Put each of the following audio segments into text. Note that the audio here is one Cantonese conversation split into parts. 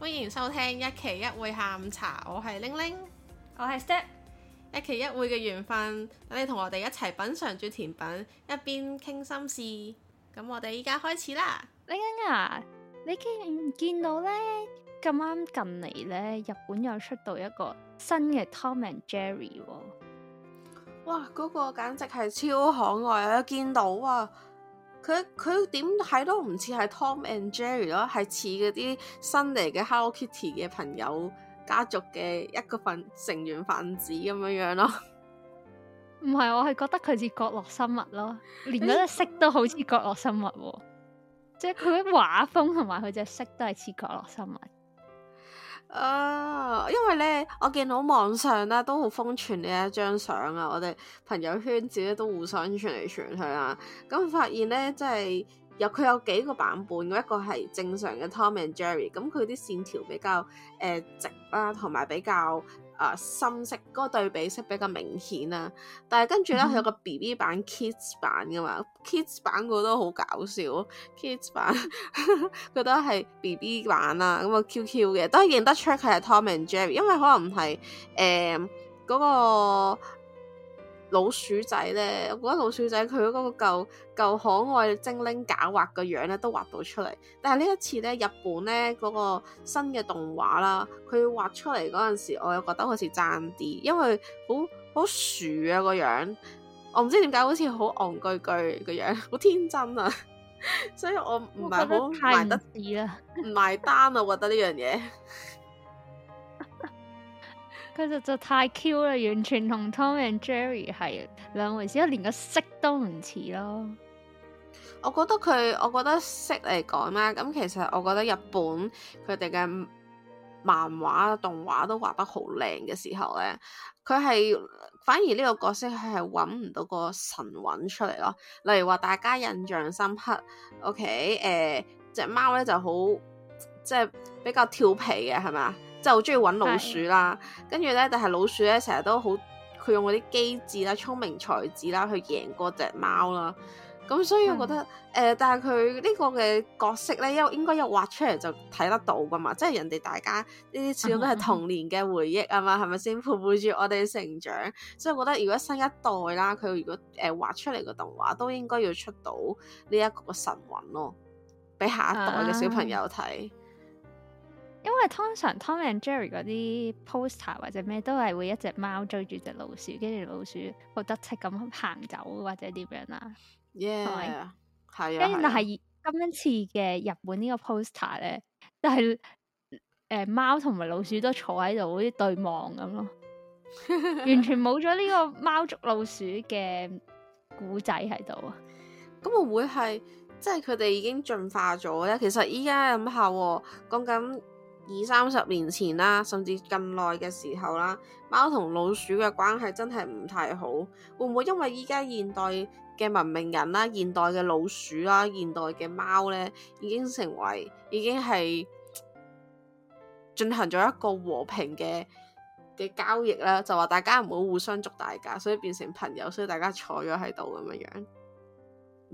歡迎收聽一期一會下午茶，我係玲玲，我係 Step，一期一會嘅緣分，等你同我哋一齊品嘗住甜品，一邊傾心事。咁我哋依家開始啦，玲玲啊，你見唔見到呢？咁啱近嚟呢，日本又出到一個新嘅 Tom and Jerry 喎、哦。哇！嗰、那個簡直係超可愛啊！見到啊，佢佢點睇都唔似係 Tom and Jerry 咯，係似嗰啲新嚟嘅 Hello Kitty 嘅朋友家族嘅一個份成員分子咁樣樣、啊、咯。唔係，我係覺得佢似角落生物咯，連嗰隻色都好似角落生物喎， 即係佢啲畫風同埋佢隻色都係似角落生物。啊，uh, 因為咧，我見到網上咧、啊、都好瘋傳呢一張相啊，我哋朋友圈子咧都互相傳嚟傳去啊，咁、嗯、發現咧即係有佢有幾個版本，一個係正常嘅 Tom and Jerry，咁佢啲線條比較誒直啦，同埋比較，呃啊，深色嗰、那個對比色比較明顯啊，但係跟住咧，佢、嗯、有個 BB 版、kids 版噶嘛，kids 版佢都好搞笑，kids 版佢 都係 BB 版啦、啊，咁啊 QQ 嘅都係認得出佢係 Tom and Jerry，因為可能唔係誒嗰個。老鼠仔咧，我覺得老鼠仔佢嗰個舊舊可愛精靈狡猾嘅樣咧，都畫到出嚟。但係呢一次咧，日本咧嗰個新嘅動畫啦，佢畫出嚟嗰陣時，我又覺得好似爭啲，因為好好鼠啊、個樣，我唔知點解好似好憨居居個樣，好蠢蠢樣天真啊， 所以我唔係好太得意啊，唔埋單啊，我覺得呢樣嘢。 佢就就太 Q 啦，完全同 Tom and Jerry 係兩回事，連個色都唔似咯。我覺得佢，我覺得色嚟講咧，咁其實我覺得日本佢哋嘅漫畫動畫都畫得好靚嘅時候咧，佢係反而呢個角色佢係搵唔到個神韻出嚟咯。例如話大家印象深刻，OK 誒、呃，隻貓咧就好即係比較調皮嘅，係咪？就好中意揾老鼠啦，跟住咧，但係老鼠咧成日都好，佢用嗰啲機智啦、聰明才智啦去贏過隻貓啦。咁所以我覺得，誒的、呃，但係佢呢個嘅角色咧，又應該一畫出嚟就睇得到噶嘛。即係人哋大家呢啲始終都係童年嘅回憶啊嘛，係咪先？陪伴住我哋成長。所以我覺得如果新一代啦，佢如果誒、呃、畫出嚟嘅動畫都應該要出到呢一個神魂咯，俾下一代嘅小朋友睇。嗯嗯。因為通常 Tom and Jerry 嗰啲 poster 或者咩都係會一隻貓追住隻老鼠，跟住老鼠好得戚咁行走或者點樣啦。Yeah，係吧啊。跟住、啊、但係今一次嘅日本個呢個 poster 咧，就係誒貓同埋老鼠都坐喺度，好似對望咁咯， 完全冇咗呢個貓捉老鼠嘅古仔喺度。啊。 咁會唔會係即係佢哋已經進化咗咧？其實依家諗下，講緊。二三十年前啦，甚至更耐嘅時候啦，貓同老鼠嘅關係真係唔太好。會唔會因為依家現代嘅文明人啦、現代嘅老鼠啦、現代嘅貓呢，已經成為已經係進行咗一個和平嘅嘅交易啦？就話大家唔好互相捉大家，所以變成朋友，所以大家坐咗喺度咁樣樣。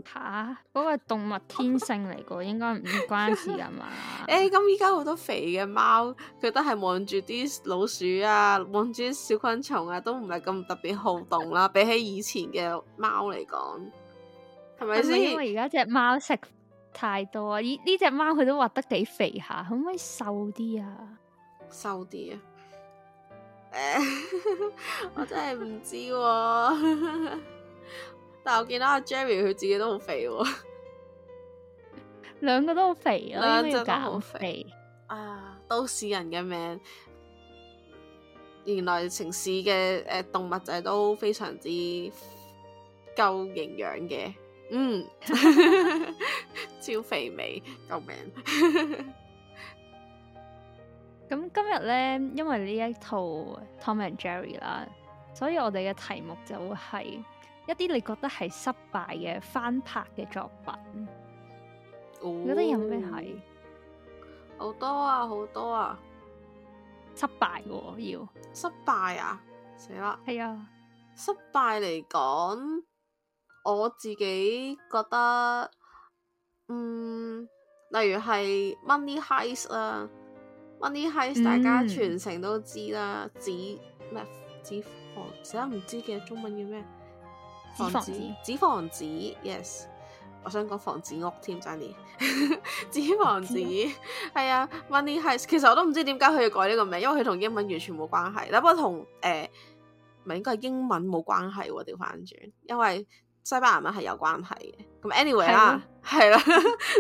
吓，嗰、那個動物天性嚟噶，應該唔關事噶嘛。誒、 欸，咁依家好多肥嘅貓，佢都係望住啲老鼠啊，望住啲小昆蟲啊，都唔係咁特別好動啦、啊。 比起以前嘅貓嚟講，係咪先？ 因為而家隻貓食太多，呢呢隻貓佢都畫得幾肥下，可唔可以瘦啲啊？瘦啲啊？欸、 我真係唔知喎、啊。 但我見到阿 Jerry 佢自己都好肥，肥，肥，兩個都好肥啊！兩個都好肥啊！都市人嘅命，原來城市嘅誒、呃、動物仔都非常之夠營養嘅。嗯， 超肥美，救命！咁今日咧，因為呢一套 Tom and Jerry 啦，所以我哋嘅題目就係。一啲你覺得係失敗嘅翻拍嘅作品，我、哦、覺得有咩係好多啊？好多啊！失敗喎，要失敗啊！死啦，係啊！失敗嚟講，我自己覺得，嗯，例如係 Money Heist 啊 Money Heist、嗯、大家全程都知啦，指咩指房死啦，唔知嘅中文叫咩？房子，紙房子，房子，yes，我想講房子屋添 s t a n y 紙房子，係 啊，Money Heist 其實我都唔知點解佢要改呢個名，因為佢同英文完全冇關係，但不過同誒，唔、呃、係應該係英文冇關係喎、啊，調翻轉，因為。西班牙文係有關係嘅，咁 anyway 啦、啊，係啦、啊，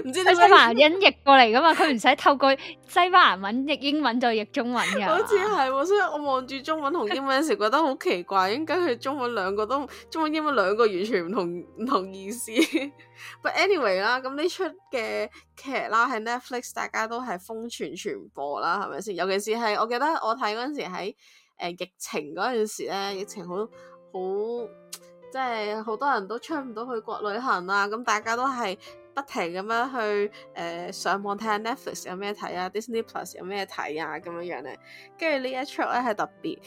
唔、啊、知你西班牙人譯過嚟噶嘛？佢唔使透過西班牙文譯英文就譯中文噶。 好似係、哦，所以我望住中文同英文嗰時覺得好奇怪，點解佢中文兩個都中文英文兩個完全唔同唔同意思？But anyway 啦、啊，咁呢出嘅劇啦，喺 Netflix 大家都係瘋傳傳播啦，係咪先？尤其是係我記得我睇嗰陣時喺誒疫情嗰陣時咧，疫情好好。即係好多人都出唔到去國旅行啦、啊，咁大家都係不停咁樣去誒、呃、上網睇下 Netflix 有咩睇啊，Disney Plus 有咩睇啊咁樣樣咧，跟住呢一出咧係特別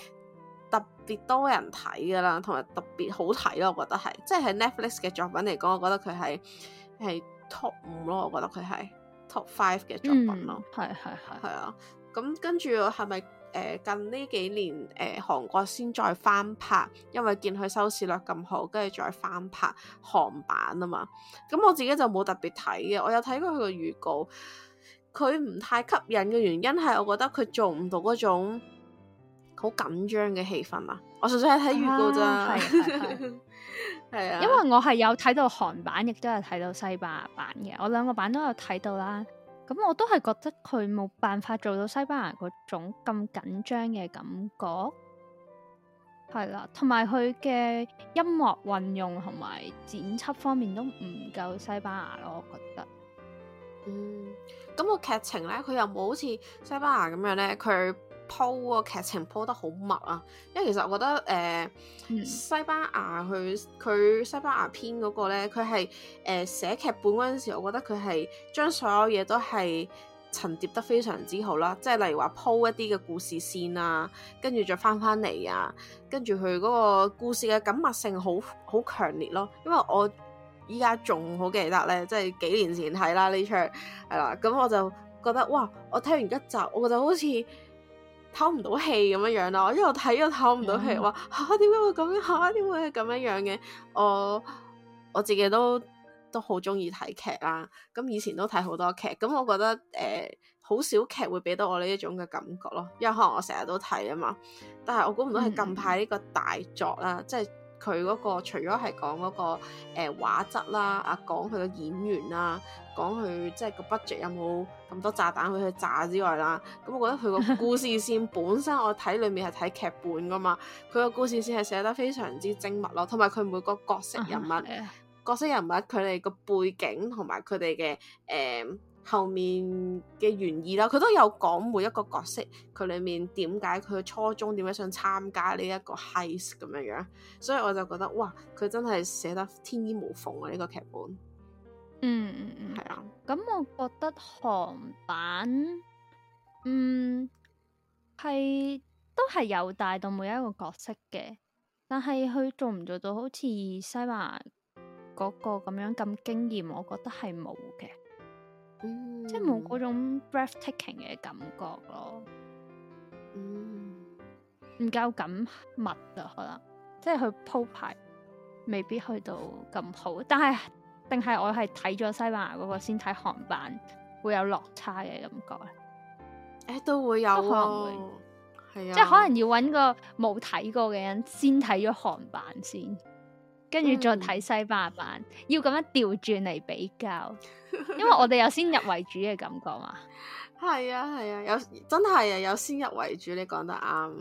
特別多人睇噶啦，同埋特別好睇咯、啊，我覺得係，即係 Netflix 嘅作品嚟講，我覺得佢係係 top 五咯，我覺得佢係 top five 嘅作品咯，係係係，係啊，咁跟住係咪？誒近呢幾年誒韓國先再翻拍，因為見佢收視率咁好，跟住再翻拍韓版啊嘛。咁我自己就冇特別睇嘅，我有睇過佢個預告，佢唔太吸引嘅原因係我覺得佢做唔到嗰種好緊張嘅氣氛啊。我純粹係睇預告咋，係啊， 啊因為我係有睇到韓版，亦都有睇到西班牙版嘅，我兩個版都有睇到啦。咁我都係覺得佢冇辦法做到西班牙嗰種咁緊張嘅感覺，係啦，同埋佢嘅音樂運用同埋剪輯方面都唔夠西班牙咯，我覺得。嗯，咁個劇情咧，佢又冇好似西班牙咁樣咧，佢。鋪個劇情鋪得好密啊，因為其實我覺得誒、呃嗯、西班牙佢佢西班牙篇嗰個咧，佢係誒寫劇本嗰陣時，我覺得佢係將所有嘢都係層疊得非常之好啦、啊。即係例如話鋪一啲嘅故事線啊，跟住再翻翻嚟啊，跟住佢嗰個故事嘅緊密性好好強烈咯。因為我依家仲好記得咧，即係幾年前睇啦呢出係啦，咁我就覺得哇，我睇完一集，我就好似～唞唔到氣咁樣樣啦，我一路睇到唞唔到氣，話嚇點解會咁樣嚇？點、啊、會係咁樣、啊、樣嘅？我我自己都都好中意睇劇啦，咁以前都睇好多劇，咁我覺得誒好、呃、少劇會俾到我呢一種嘅感覺咯，因為可能我成日都睇啊嘛，但係我估唔到係近排呢個大作啦，嗯嗯即係。佢嗰、那個除咗係講嗰個誒、呃、畫質啦，啊講佢嘅演員啦，講佢即係個 budget 有冇咁多炸彈去去炸之外啦，咁我覺得佢個故事線本， 本身我睇裡面係睇劇本㗎嘛，佢個故事線係寫得非常之精密咯，同埋佢每個角色人物 角色人物佢哋個背景同埋佢哋嘅誒。後面嘅原意啦，佢都有講每一個角色佢裏面點解佢初衷，點解想參加呢一個 heist 咁樣樣，所以我就覺得哇，佢真係寫得天衣無縫啊！呢個劇本，嗯嗯嗯，係啊，咁、嗯、我覺得韓版，嗯，係都係有帶到每一個角色嘅，但係佢做唔做到好似西華嗰個咁樣咁驚豔，我覺得係冇嘅。嗯、即係冇嗰種 breathtaking 嘅感覺咯，唔夠緊密啊，可能即係去鋪排，未必去到咁好。但係定係我係睇咗西班牙嗰個先睇韓版會有落差嘅感覺咧？誒、欸，都會有，係啊，的即係可能要搵個冇睇過嘅人先睇咗韓版先。跟住再睇西班牙版，嗯、要咁樣調轉嚟比較， 因為我哋有先入為主嘅感覺嘛。係 啊係啊，啊，有真係啊有先入為主，你講得啱，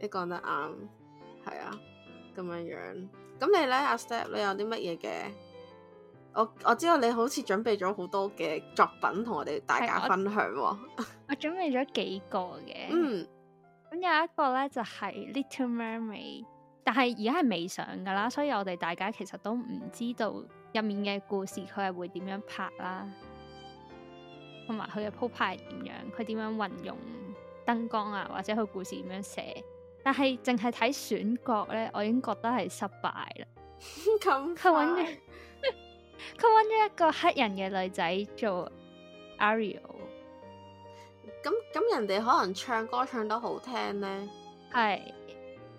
你講得啱，係啊咁樣樣。咁你咧阿 Step 咧有啲乜嘢嘅？我我知道你好似準備咗好多嘅作品同我哋大家分享喎。我， 我準備咗幾個嘅，嗯，咁有一個咧就係、是、Little Mermaid。但係而家係未上噶啦，所以我哋大家其實都唔知道入面嘅故事佢係會點樣拍啦，同埋佢嘅鋪排係點樣，佢點樣運用燈光啊，或者佢故事點樣寫。但係淨係睇選角咧，我已經覺得係失敗啦。咁佢搵咗佢搵咗一個黑人嘅女仔做 Ariel。咁咁人哋可能唱歌唱得好聽咧，係。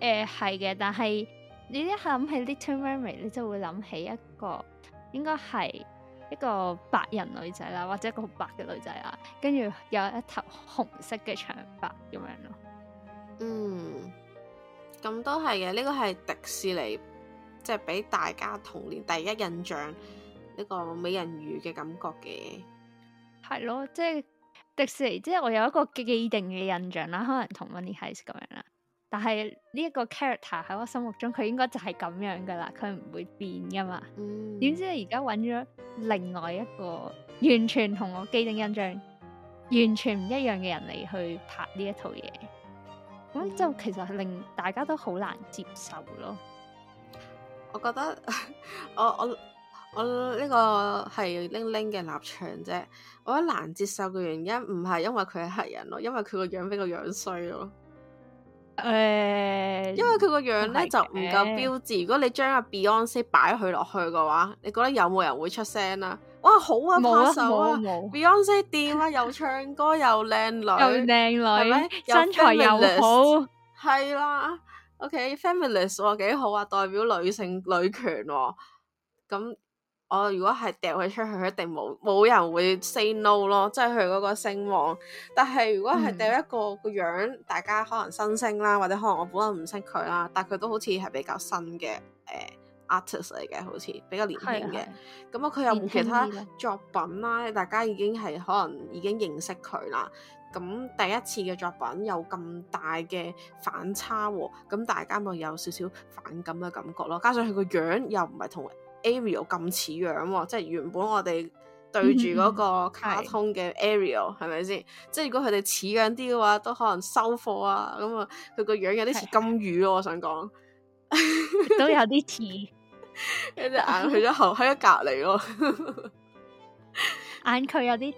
誒，係嘅。嗯，但係你一諗起 Little Mermaid，你就會諗起一個應該係一個白人女仔啦，或者一個白嘅女仔啦，跟住有一頭紅色嘅長髮咁樣咯。嗯，咁都係嘅，呢、這個係迪士尼即係俾大家童年第一印象呢、這個美人魚嘅感覺嘅。係咯、嗯，即係迪士尼，即係我有一個既定嘅印象啦，可能同 One Piece 咁樣啦。但係呢一個 character 喺我心目中佢應該就係咁樣噶啦，佢唔會變噶嘛。嗯、點知你而家揾咗另外一個完全同我既定印象完全唔一樣嘅人嚟去拍呢一套嘢，咁就其實令大家都好難接受咯。我覺得我我我呢個係拎拎嘅立場啫。我覺得難接受嘅原因唔係因為佢係黑人咯，因為佢個樣俾個樣衰咯。誒，因為佢個樣咧就唔夠標誌。如果你將阿 Beyonce 擺佢落去嘅話，你覺得有冇人會出聲呀？哇，好啊，拍手啊，Beyonce 掂啊，又唱歌又靚女，又靚女，係咪，身材又好，係啦。OK，feminist 喎，幾好啊，代表女性女權喎。咁。我、哦、如果係掉佢出去，佢一定冇冇人會 say no 咯，即係佢嗰個聲望。但係如果係掉一個個樣，嗯、大家可能新星啦，或者可能我本身唔識佢啦，但佢都好似係比較新嘅誒、呃、artist 嚟嘅，好似比較年輕嘅。咁啊的，佢、嗯、有冇其他作品啦，大家已經係可能已經認識佢啦。咁、嗯、第一次嘅作品有咁大嘅反差，咁、嗯、大家咪有少少反感嘅感覺咯。加上佢個樣又唔係同。Ariel 咁似樣喎、哦，即係原本我哋對住嗰個卡通嘅 Ariel 係咪先？即係如果佢哋似樣啲嘅話，都可能收貨啊！咁、嗯、啊，佢個樣有啲似金魚咯、哦，我想講 都有啲似，跟住 眼去咗後喺一隔離咯， 哦、 眼距有啲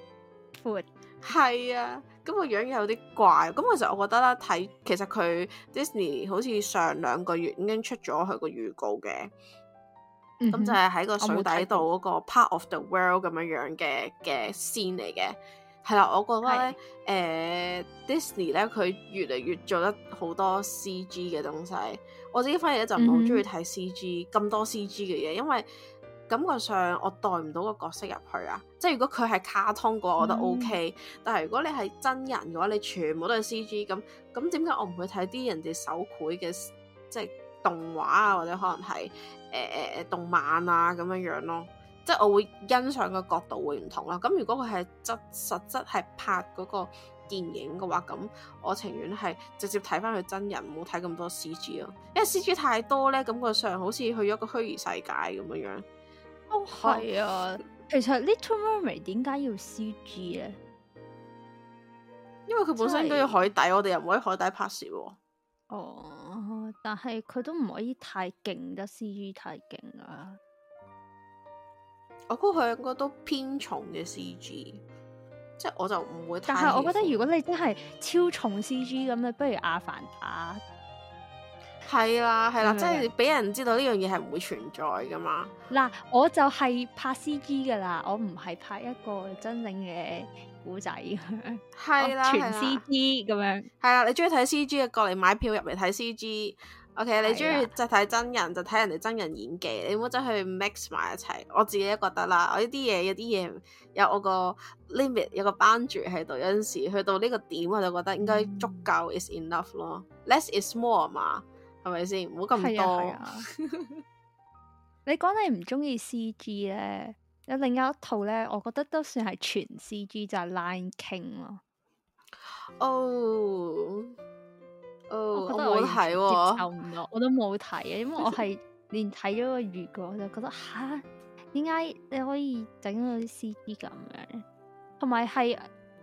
闊，係 啊，咁個樣有啲怪。咁、嗯、其實我覺得咧，睇其實佢 Disney 好似上兩個月已經出咗佢個預告嘅。咁就係喺個水底度嗰個 part of the world 咁樣這樣嘅嘅 scene 嚟嘅。係啦，我覺得咧，誒的、呃、Disney 咧佢越嚟越做得好多 CG 嘅東西，我自己反而咧就唔好中意睇 CG 咁多 CG 嘅嘢，因為感覺上我代唔到個角色入去啊，即係如果佢係卡通嘅，我覺得 OK，嗯、但係如果你係真人嘅話，你全部都係 CG 咁，咁點解我唔會睇啲人哋手繪嘅即係動畫啊，或者可能係？誒誒誒，動漫啊咁樣樣咯，即係我會欣賞嘅角度會唔同啦。咁如果佢係質實質係拍嗰個電影嘅話，咁我情願係直接睇翻佢真人，唔好睇咁多 C G 咯。因為 C G 太多咧，感覺上好似去咗個虛擬世界咁樣樣。哦，係、哦、啊， 其實 Little Mermaid 點解要 C G 咧？因為佢本身都要海底，就是、我哋又唔可以海底拍攝。哦。但係佢都唔可以太勁得 CG 太勁啊！我估佢應該都偏重嘅 CG，即係我就唔會。但係我覺得如果你真係超重 CG 咁，不如阿凡達。係啦、啊，係啦、啊，即係俾人知道呢樣嘢係唔會存在噶嘛？嗱，我就係拍 CG 噶啦，我唔係拍一個真正嘅。古仔係啦， 啊、全 CG 咁樣係啦、啊。你中意睇 CG 嘅，過嚟買票入嚟睇 CG。OK，啊、你中意就睇真人，就睇、是、人哋真人演技。你唔好走去 mix 埋一齊。我自己都覺得啦，我呢啲嘢有啲嘢有我 limit，有個 limit，有個 band 住喺度。有陣時去到呢個點，我就覺得應該足夠 is enough 咯。嗯、Less is more 嘛，係咪先？唔好咁多。啊啊、 你講你唔中意 CG 咧？有另一一套咧，我覺得都算係全 C G，就係《Line King》咯。哦，我覺得我係接受唔落，我都冇睇啊，因為我係連睇咗個預告就覺得吓，點解你可以整到啲 C G 咁樣？同埋係《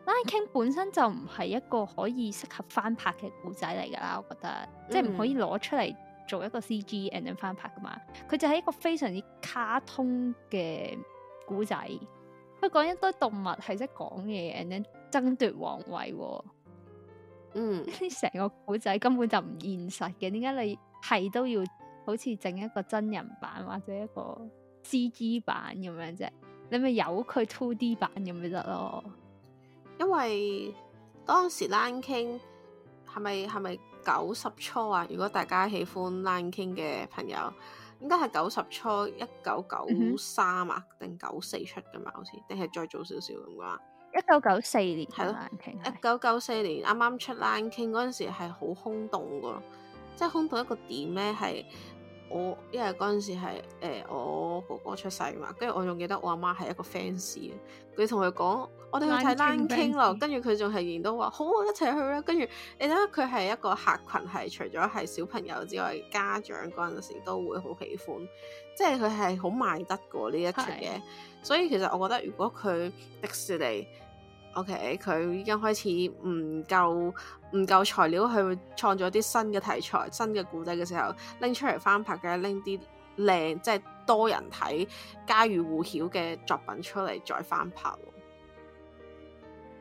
Line King》本身就唔係一個可以適合翻拍嘅故仔嚟㗎啦，我覺得即係唔可以攞出嚟做一個 C G，and 翻拍噶嘛。佢就係一個非常之卡通嘅。古仔，佢講一堆動物係識講嘢，人哋爭奪皇位，啊，嗯，呢成 個古仔根本就唔現實嘅。點解你係都要好似整一個真人版或者一個 g g 版咁樣啫？你咪有佢 two D 版咁咪得咯？因為當時 Lion King 係咪係咪九十初啊？如果大家喜歡 Lion King 嘅朋友。應該係九十初，一九九三啊，定九四出嘅嘛，好似定係再早少少咁啩。一九九四年係咯，一九九四年啱啱出 Lion King 嗰時係好轟動嘅，即係空洞一個點咧係。我因為嗰陣時係、欸、我哥哥出世嘛，跟住我仲記得我阿媽係一個 fans，佢同佢講我哋去睇 Lion King 咯，跟住佢仲係認到話好，我一齊去啦。跟住你睇佢係一個客群，係除咗係小朋友之外，家長嗰陣時都會好喜歡，即係佢係好賣得過呢一出嘢。的所以其實我覺得如果佢迪士尼。O.K. 佢已經開始唔夠唔夠材料去創作啲新嘅題材、新嘅故仔嘅時候，拎出嚟翻拍嘅，拎啲靚即係多人睇家喻戶曉嘅作品出嚟再，再翻拍。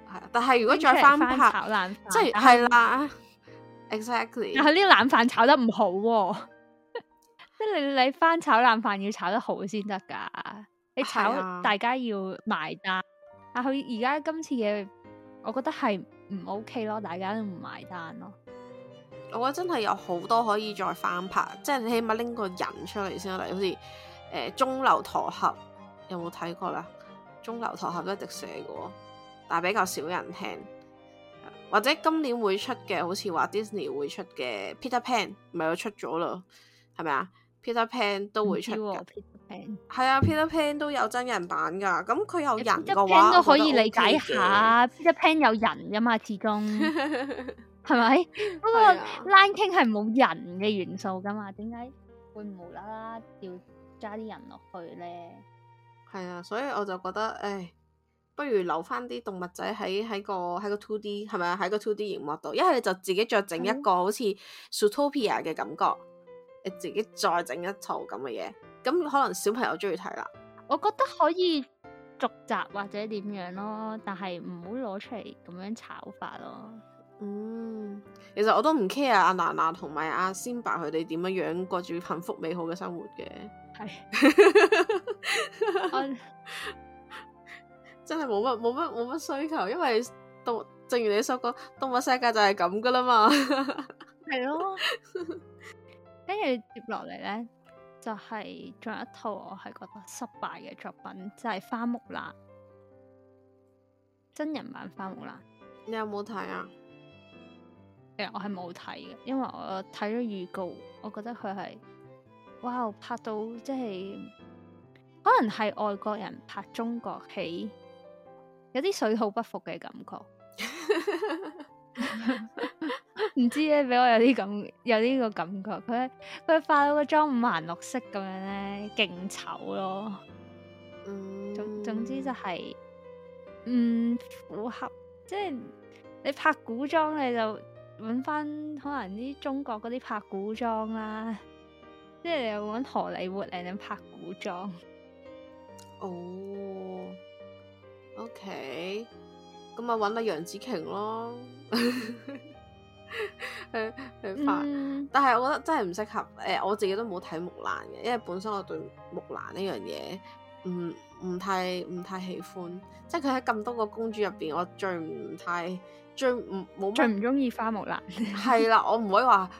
係，但係如果再翻炒冷飯，即係係啦。Exactly，係呢冷飯炒得唔好、啊，即 係你你翻炒冷飯要炒得好先得噶，你炒、啊、大家要埋單。但佢而家今次嘅，我覺得係唔 OK 咯，大家都唔埋單咯。我覺得真係有好多可以再翻拍，即係你起碼拎個人出嚟先啦，好似誒《鐘樓駝俠》，有冇睇過咧？《鐘樓駝俠》都係迪士尼嘅，但係比較少人聽。或者今年會出嘅，好似話 Disney 會出嘅、啊《Peter Pan》，咪又出咗咯？係咪啊？《Peter Pan》都會出。係 啊 Peter Pan 都有真人版噶，咁佢有人嘅都可以理解下 Peter Pan 有人噶嘛，始終係咪？不 過 Lion King 係冇人嘅元素噶嘛，點解 會無啦啦要加啲人落去咧？係啊，所以我就覺得，唉，不如留翻啲動物仔喺喺個喺個 two D，係咪喺個 two D 熒幕度，一係就自己着整一個好似 Zootopia 嘅感覺， 你自己再整一套咁嘅嘢。咁可能小朋友中意睇啦，我覺得可以續集或者點樣咯，但係唔好攞出嚟咁樣炒法咯。嗯、uh.，其實我都唔 care 阿娜娜同埋阿仙巴佢哋點樣樣過住幸福美好嘅生活嘅，係是 真係冇乜冇乜冇乜需求，因為動正如你所講，動物世界就係咁噶啦嘛，係 咯，跟住接落嚟咧。就係仲有一套我係覺得失敗嘅作品，就係、是《花木蘭》真人版《花木蘭》，你有冇睇啊？誒、欸，我係冇睇嘅，因為我睇咗預告，我覺得佢係哇拍到即係可能係外國人拍中國戲，有啲水土不服嘅感覺。 唔知咧，俾我有啲感，有啲個感覺，佢佢化到個妝五顏六色咁樣咧，勁醜咯。嗯，總總之就係、是、嗯，符合，即係你拍古裝，你就揾翻可能啲中國嗰啲拍古裝啦，即係又揾荷里活嚟？咁拍古裝。哦，OK，咁啊，揾阿楊紫瓊咯。 係係快， 嗯、但係我覺得真係唔適合誒、呃，我自己都冇睇木蘭嘅，因為本身我對木蘭呢樣嘢，唔唔太唔太喜歡，即係佢喺咁多個公主入邊，我最唔太最唔冇最唔中意花木蘭，係啦，我唔會話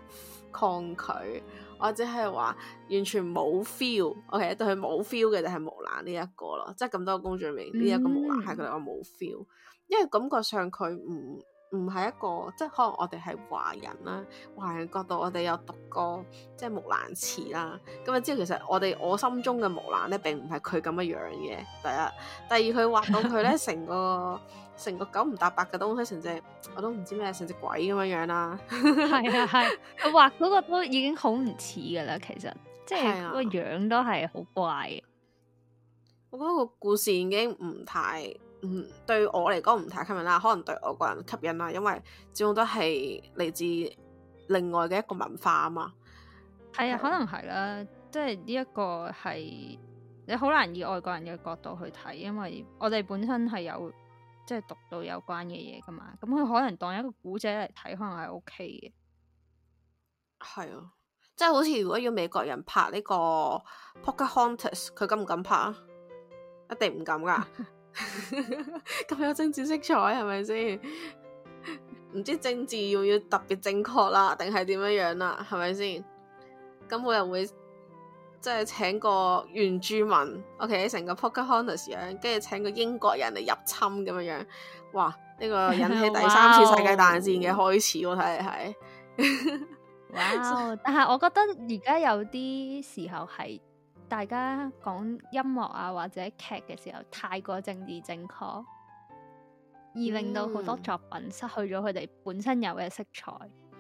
抗拒，我只係話完全冇 feel，我係對佢冇 feel 嘅就係木蘭呢一個咯，即係咁多個公主裏呢、 okay? 一個，個、嗯、個木蘭係佢，我冇 feel，因為感覺上佢唔。唔係一個，即係可能我哋係華人啦，華人角度我哋有讀過即係木蘭詞啦，咁啊之後其實我哋我心中嘅木蘭咧並唔係佢咁嘅樣嘅，第一，第二，佢畫到佢咧成個成個九唔搭八嘅東西，成隻我都唔知咩，成隻鬼咁樣樣啦，係 啊係、啊，佢畫嗰個都已經好唔似噶啦，其實即係個樣都係好怪嘅、啊，我覺得個故事已經唔太。嗯，對我嚟講唔太吸引啦，可能對外國人吸引啦，因為始終都係嚟自另外嘅一個文化啊嘛。係、嗯、啊，可能係啦，即係呢一個係你好難以外國人嘅角度去睇，因為我哋本身係有即係讀到有關嘅嘢噶嘛。咁佢可能當一個故仔嚟睇，可能係 OK 嘅。係啊，即係好似如果要美國人拍呢個《Pocahontas》，佢敢唔敢拍啊？一定唔敢噶。 咁 有政治色彩係咪先？唔 知政治要要特別正確啦，定係點樣樣啦？係咪先？咁我又會即係請個原住民，OK，成個 Pocahontas 樣，跟住請個英國人嚟入侵咁樣樣。哇！呢、這個引起第三次世界大戰嘅開始，Wow. 我睇嚟係。 wow, 但係我覺得而家有啲時候係。大家講音樂啊或者劇嘅時候，太過政治正確，而令到好多作品失去咗佢哋本身有嘅色彩。嗯、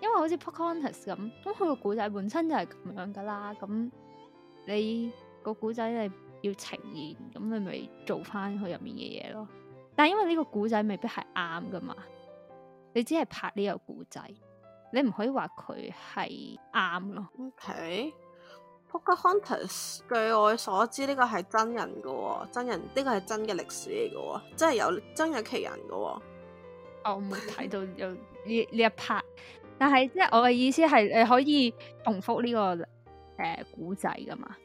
因為好似《Pocahontas》咁，咁佢個故仔本身就係咁樣噶啦。咁你個故仔你要呈現，咁你咪做翻佢入面嘅嘢咯。但係因為呢個故仔未必係啱噶嘛，你只係拍呢個故仔，你唔可以話佢係啱咯。OK。Pocahontas 據我所知呢個係真人噶、哦，真人呢個係真嘅歷史嚟噶、哦，真係有真、哦、有其人噶。我唔冇睇到有呢呢一 part，但係即係我嘅意思係，你可以重複呢個誒古仔噶嘛，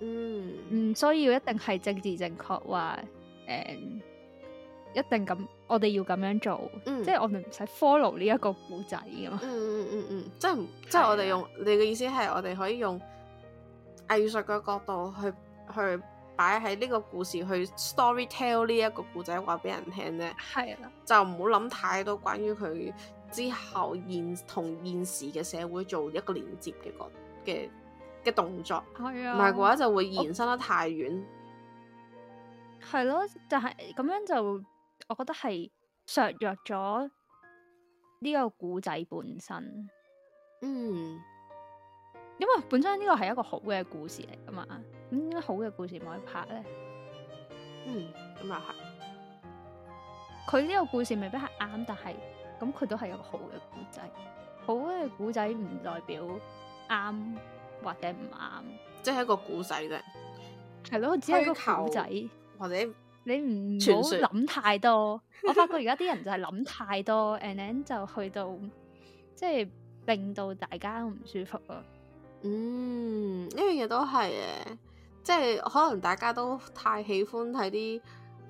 嗯嗯，所以？嗯，唔需要一定係政治正確話，誒，一定咁我哋要咁樣做，即係、嗯、我哋唔使 follow 呢一個古仔噶嘛？嗯嗯嗯嗯，即係即係我哋用你嘅意思係我哋可以用。藝術嘅角度去去擺喺呢個故事去 storytell 呢一個故仔話俾人聽咧，係啦的，就唔好諗太多關於佢之後現同現時嘅社會做一個連接嘅個嘅嘅動作，係啊的，唔係嘅話就會延伸得太遠，係咯，但係咁樣就我覺得係削弱咗呢個故仔本身，嗯。因為本身呢個係一個好嘅故事嚟噶嘛，咁應該好嘅故事唔可以拍咧。嗯，咁又係。佢呢個故事未必係啱，但係咁佢都係一個好嘅故仔。好嘅故仔唔代表啱或者唔啱，即係一個古仔啫。係咯，只係一個故仔，或者你唔好諗太多。 我發覺而家啲人就係諗太多 ，and then 就去到即係令到大家唔舒服啊。嗯，呢樣嘢都係嘅，即係可能大家都太喜歡睇啲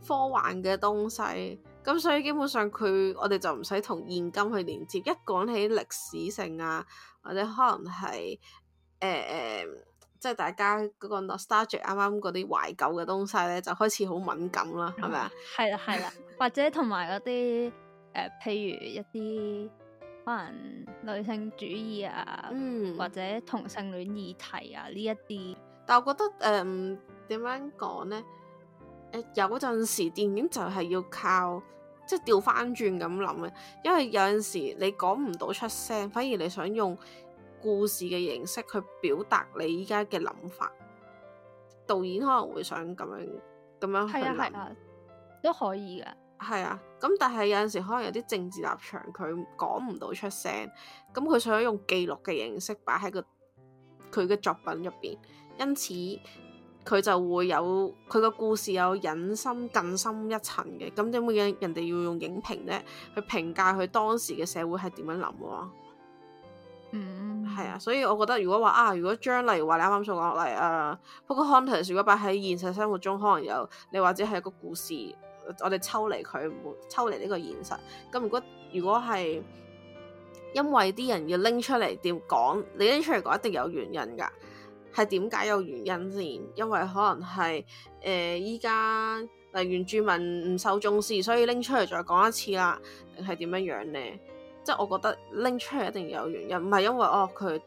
科幻嘅東西，咁所以基本上佢我哋就唔使同現金去連接。一講起歷史性啊，或者可能係誒誒，即係大家嗰個 nostalgia 啱啱嗰啲懷舊嘅東西咧，就開始好敏感啦，係咪啊？係啦係啦， 或者同埋嗰啲誒，譬如一啲。可能女性主義啊，嗯、或者同性戀議題啊呢一啲，但我覺得誒，點樣講呢？誒、呃，有陣時電影就係要靠即係調翻轉咁諗嘅，因為有陣時你講唔到出聲，反而你想用故事嘅形式去表達你依家嘅諗法，導演可能會想咁樣咁樣去表達，係啊係啊，都可以㗎。係啊，咁但係有陣時可能有啲政治立場，佢講唔到出聲，咁佢想用記錄嘅形式擺喺個佢嘅作品入邊，因此佢就會有佢個故事有隱深更深一層嘅，咁點會人哋要用影評呢？去評價佢當時嘅社會係點樣諗，啊？嗯，係啊，所以我覺得如果話啊，如果將例如話你啱啱所講落嚟啊 book contents 如果擺喺現實生活中，可能有你或者係一個故事。我哋抽離佢，唔會抽離呢個現實。咁如果如果係因為啲人要拎出嚟點講，你拎出嚟講一定有原因噶。係點解有原因先？因為可能係誒依家嚟原住民唔受重視，所以拎出嚟再講一次啦。定係點樣樣呢？即係我覺得拎出嚟一定有原因，唔係因為哦佢。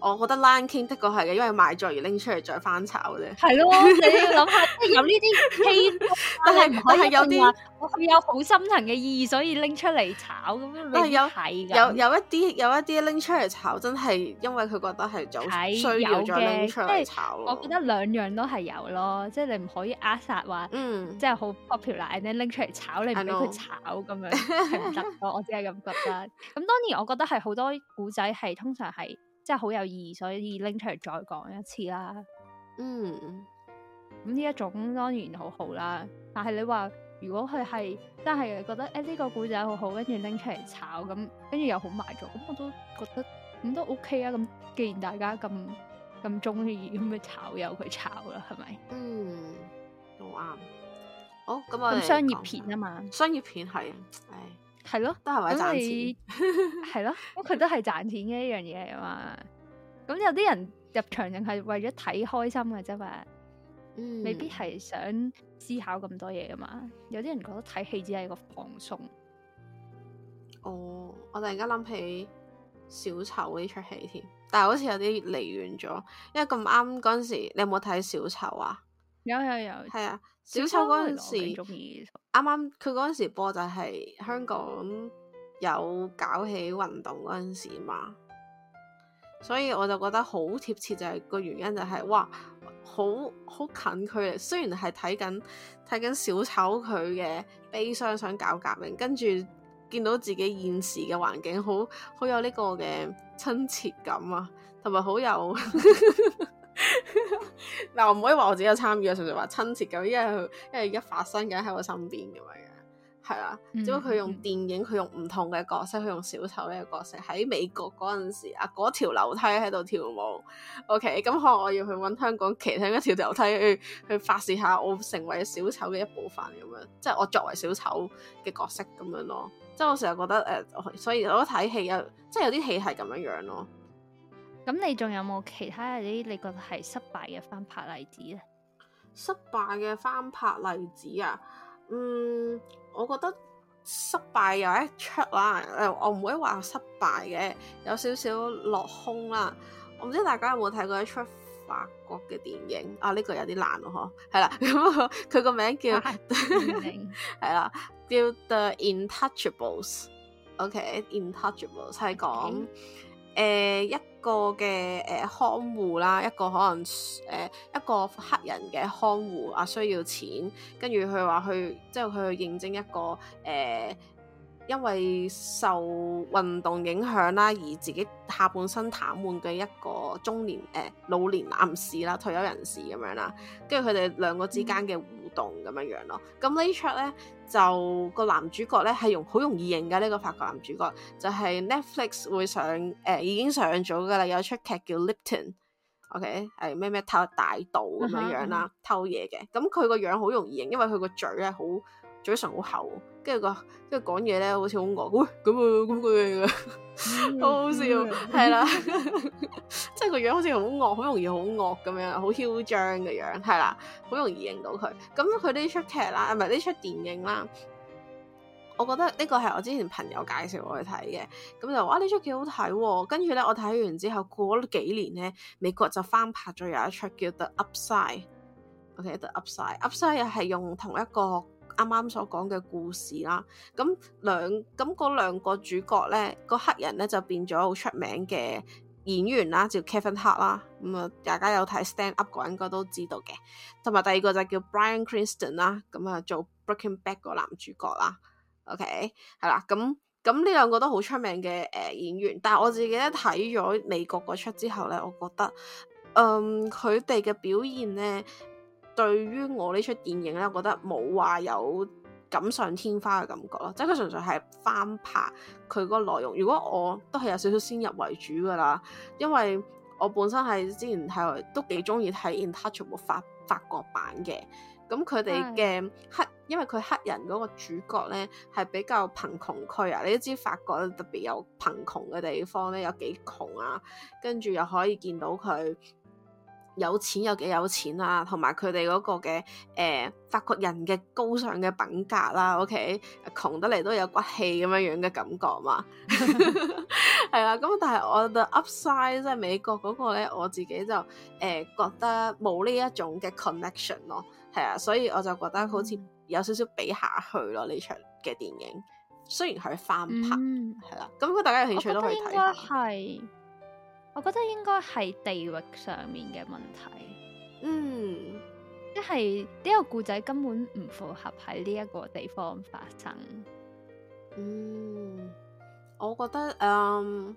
我覺得 Lion King 的確係嘅，因為賣作業拎出嚟再翻炒啫。係咯，你要諗下，即、欸、係有呢啲 case 但係唔係有啲，係有好深層嘅意義，所以拎出嚟炒咁樣有睇㗎。有有，有一啲有一啲拎出嚟炒，真係因為佢覺得係有，有需要再拎出嚟炒咯。我覺得兩樣都係有咯，即係你唔可以扼殺話，嗯、即係好 popular，呢拎出嚟炒，你唔俾佢炒咁、嗯、樣係唔得嘅。 我只係咁覺得。咁當然，我覺得係好多古仔係通常係。真係好有意義，所以拎出嚟再講一次啦。嗯，咁呢、嗯、一種當然好好啦。但係你話如果佢係，真係覺得誒呢、欸這個古仔好好，跟住拎出嚟炒，咁跟住又好賣咗，咁我都覺得咁都 OK 啊。咁既然大家咁咁中意咁嘅炒，由佢炒啦，係咪？嗯，都啱。哦，咁啊，商業片啊嘛，商業片係。係咯，都係為賺錢。係是 咯，咁佢都係賺錢嘅一樣嘢嚟啊嘛。咁有啲人入場淨係為咗睇開心嘅啫嘛，嗯，未必係想思考咁多嘢啊嘛。有啲人覺得睇戲只係一個放鬆。哦，我突然間諗起小丑呢出戲添，但係好似有啲離遠咗，因為咁啱嗰陣時，你有冇睇小丑啊？有有有，係啊的！小丑嗰陣時，啱啱佢嗰陣時播就係香港有搞起運動嗰陣時嘛，所以我就覺得好貼切，就是，就係個原因就係，是，哇，好好近距離，雖然係睇緊睇緊小丑佢嘅悲傷，想搞革命，跟住見到自己現時嘅環境，好好有呢個嘅親切感啊，同埋好有。 嗱，我唔 可以話我自己有參與啊，純粹話親切嘅，因為佢因為而家發生緊喺我身邊咁樣嘅，係啦。Mm hmm. 只不過佢用電影，佢用唔同嘅角色，佢用小丑嘅角色喺美國嗰陣時啊，嗰條樓梯喺度跳舞。O K，咁可能我要去揾香港其他一條樓梯去去發洩下，我成為小丑嘅一部分咁樣，即係我作為小丑嘅角色咁樣咯。即係我成日覺得誒、呃，所以我睇戲又即係有啲戲係咁樣樣咯。咁你仲有冇其他啲你覺得係失敗嘅翻拍例子咧？失敗嘅翻拍例子啊，嗯，我覺得失敗有一出啦，誒，我唔會話失敗嘅，有少少落空啦。我唔知大家有冇睇過一出法國嘅電影啊？呢個有啲難咯，嗬，係啦，咁佢個名叫係啦，叫 The Intouchables。OK，Intouchables、okay, 係講 Okay。誒一個嘅誒、呃、看護啦，一個可能誒、呃、一個黑人嘅看護啊，需要錢，跟住佢話去，即係佢去應徵一個誒、呃因為受運動影響啦，而自己下半身癱瘓嘅一個中年誒、呃、老年男士啦，退休人士咁樣啦，跟住佢哋兩個之間嘅互動咁樣樣咯。咁、嗯呢出咧就、個男主角咧係容好容易認嘅呢、個法國男主角，就係、Netflix 會上誒、呃、已經上咗㗎啦，有出劇叫《Lipton》，OK 係咩咩偷大盜咁樣樣啦，偷嘢嘅。咁佢個樣好容易認，因為佢個嘴係好嘴唇好厚，跟住個跟住講嘢咧，好似好惡咁咁啊咁好，啊啊、 好好笑係啦。即係個樣好似好惡，好容易好惡咁樣，好囂張嘅樣係啦，好容易認到佢。咁佢呢出劇啦，唔係呢出電影啦，我覺得呢個係我之前朋友介紹我去睇嘅。咁就哇呢出幾好睇，跟住咧我睇完之後過咗幾年咧，美國就翻拍咗有一出叫 The Upside，OK，the、okay, Upside，Upside Up 又係用同一個。啱啱所講嘅故事啦，咁兩咁嗰兩個主角咧，個黑人咧就變咗好出名嘅演員啦，叫 Kevin Hart 啦，咁啊大家有睇 Stand Up 嗰應該都知道嘅，同埋第二個就叫 Bryan Cranston 啦，咁啊做 Breaking Bad 個男主角啦，OK 係啦，咁咁呢兩個都好出名嘅誒演員，但係我自己咧睇咗美國嗰出之後咧，我覺得嗯佢哋嘅表現咧。對於我呢出電影咧，我覺得冇話有錦上添花嘅感覺咯，即係佢純粹係翻拍佢嗰個內容。如果我都係有少少先入為主噶啦，因為我本身係之前係都幾中意睇《Intouchable》法法國版嘅。咁佢哋嘅黑，嗯、因為佢黑人嗰個主角咧係比較貧窮區啊。你都知法國特別有貧窮嘅地方咧，有幾窮啊，跟住又可以見到佢有錢有幾有錢啊，同埋佢哋嗰個嘅誒法國人嘅高尚嘅品格啦，OK，窮得嚟都有骨氣咁樣樣嘅感覺嘛，係啦、 啊。咁但係我嘅 Upside 即係美國嗰個咧，我自己就誒、呃、覺得冇呢一種嘅 connection 咯，係啊，所以我就覺得好似有少少比下去咯呢場嘅電影，雖然佢翻拍係啦，咁如果大家有興趣都可以睇下。我覺得應該係地域上面嘅問題，嗯，即係呢個故仔根本唔符合喺呢一個地方發生。嗯，我覺得誒，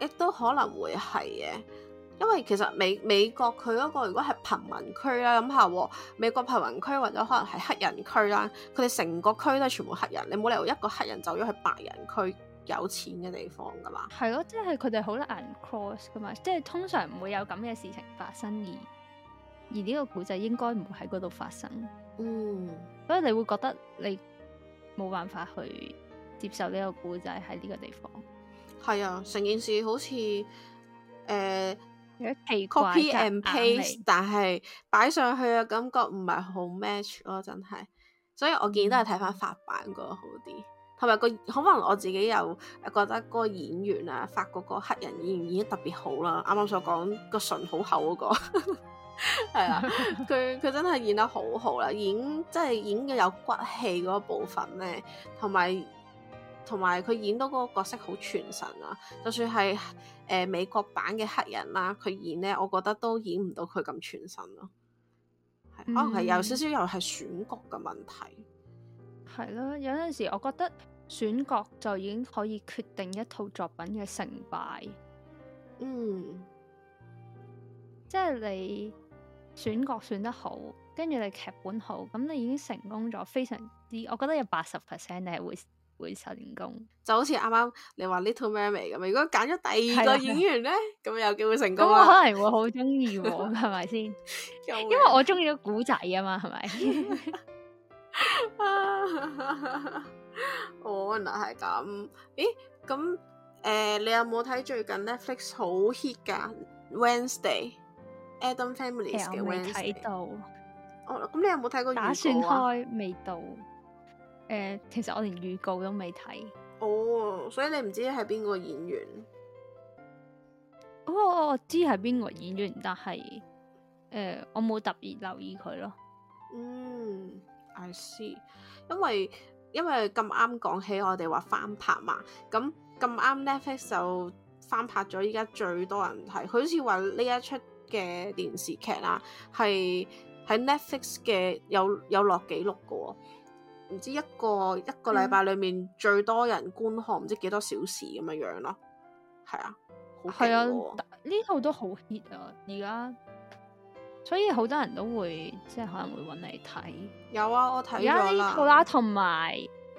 亦都可能會係嘅，因為其實美美國佢嗰個如果係貧民區啦，諗下美國貧民區或者可能係黑人區啦，佢哋成個區都係全部黑人，你冇理由一個黑人走咗去白人區。有錢嘅地方噶嘛，係咯，即係佢哋好難 cross 噶嘛，即係通常唔會有咁嘅事情發生而，而而呢個古仔應該唔會喺嗰度發生。嗯，所以你會覺得你冇辦法去接受呢個古仔喺呢個地方。係啊，成件事好似誒、呃、有啲奇怪 copy and paste 但係擺上去嘅感覺唔係好 match 咯，真係。所以我建議都係睇翻法版嗰個好啲。嗯係咪、嗰個可能我自己又覺得嗰個演員啊，法國個黑人演員演得特別好啦？啱啱所講個唇好厚嗰個係啊，佢佢、那個 啊、 真係演得好好、啊、啦，演即係、就是、演嘅有骨氣嗰部分咧，同埋同埋佢演到嗰個角色好全神啊，就算係誒、呃、美國版嘅黑人啦、啊，佢演咧，我覺得都演唔到佢咁全神咯、啊，係可能係有少少又係選角嘅問題，係咯、啊，有陣時我覺得。選角就已經可以決定一套作品嘅成敗，嗯，即係你選角選得好，跟住你劇本好，咁你已經成功咗，非常之，我覺得有八十 percent 你係會會成功，就好似啱啱你話 Little Mermaid 咁，如果揀咗第二個演員咧，咁的又叫會成功，咁 可能會好中意，係咪先？命因為我中意咗古仔啊嘛，係咪？ 哦，原來係咁。誒，咁誒、呃，你有冇睇最近 Netflix 好 hit 噶 Wednesday Adam Families 嘅？我未睇到。Wednesday 哦，咁你有冇睇過預告、啊、打算開未到？誒、呃，其實我連預告都未睇。哦，所以你唔知係邊個演員？我，我知係邊個演員，但係誒、呃，我冇特別留意佢咯。嗯，I see，因為。因為咁啱講起，我哋話翻拍嘛，咁咁啱 Netflix 就翻拍咗依家最多人睇。佢好似話呢一出嘅電視劇啦，係喺 Netflix 嘅有有落記錄嘅喎，唔知一個一個禮拜裡面最多人觀看唔知幾多小時咁嘅樣咯，係、嗯、啊，好係、嗯、啊，呢套都好 hit 啊，而家。所以好多人都會即係可能會揾嚟睇，有啊，我睇咗而家呢套啦，同埋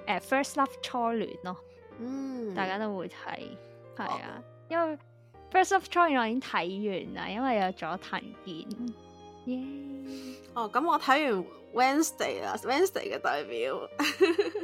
誒《First Love》初戀咯，嗯，大家都會睇，係啊，oh。因為《First Love》初戀我已經睇完啦，因為有佐藤健，耶！哦，咁我睇完 Wednesday 啦，Wednesday 嘅代表。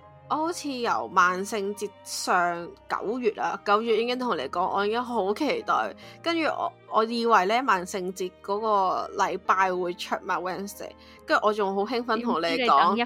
我好似由萬聖節上九月啦、啊，九月已經同你講，我已經好期待。跟住我，我以為咧萬聖節嗰個禮拜會出埋 Wednesday。跟住我仲好興奮同你講，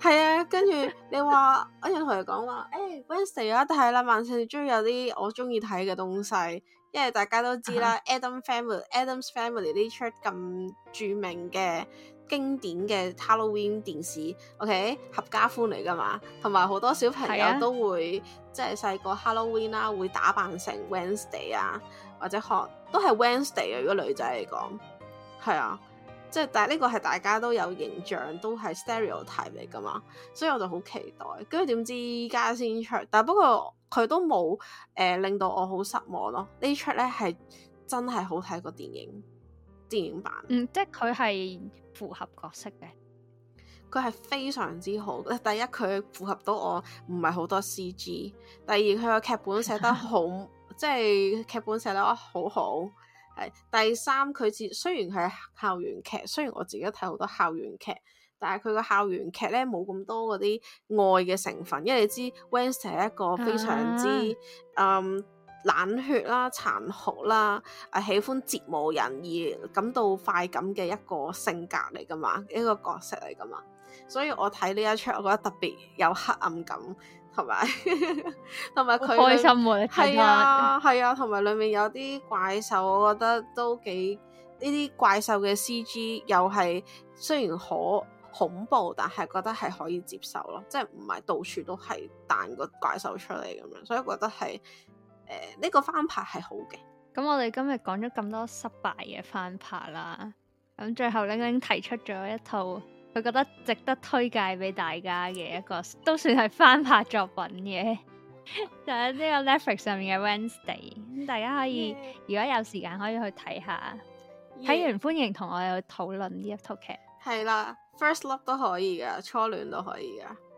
係 啊。跟住你話，我有同你講話，誒、 hey, Wednesday 有一睇啦。萬聖節終於有啲我中意睇嘅東西，因為大家都知啦、uh huh.，Adam Family、Adam's Family 呢出咁著名嘅。經典嘅 Halloween 電視，OK，合家歡嚟㗎嘛，同埋好多小朋友都會、啊、即係細個 Halloween 啦、啊，會打扮成 Wednesday 啊，或者學都係 Wednesday 啊。如果女仔嚟講，係啊，即係但係呢個係大家都有形象，都係 stereotype 嚟㗎嘛，所以我就好期待，跟住點知而家先出，但不過佢都冇誒、呃、令到我好失望咯，呢齣咧係真係好睇過電影。電影版，嗯，即係佢係符合角色嘅，佢係非常之好。第一，佢符合到我唔係好多 CG。第二，佢個劇本寫得好， 即係劇本寫得好好。係第三，佢自雖然係校園劇，雖然我自己都睇好多校園劇，但係佢個校園劇咧冇咁多嗰啲愛嘅成分。因為你知 Wednesday 係一個非常之，嗯。 um, 冷血啦、殘酷啦，啊喜歡折磨人意，感到快感嘅一個性格嚟噶嘛，一個角色嚟噶嘛，所以我睇呢一出我覺得特別有黑暗感，同埋同埋佢開心喎，係啊係啊，同埋、啊啊、裡面有啲怪獸，我覺得都幾呢啲怪獸嘅 CG 又係雖然可恐怖，但係覺得係可以接受咯，即係唔係到處都係彈個怪獸出嚟咁樣，所以覺得係。誒，呢個翻拍係好嘅。咁我哋今日講咗咁多失敗嘅翻拍啦，咁最後玲玲提出咗一套佢覺得值得推介俾大家嘅一個，都算係翻拍作品嘅， 就喺呢個 Netflix 上面嘅 Wednesday。大家可以 Yeah. 如果有時間可以去睇下，睇 Yeah. 完歡迎同我去討論呢一套劇。係啦，First Love 都可以噶，初戀都可以噶。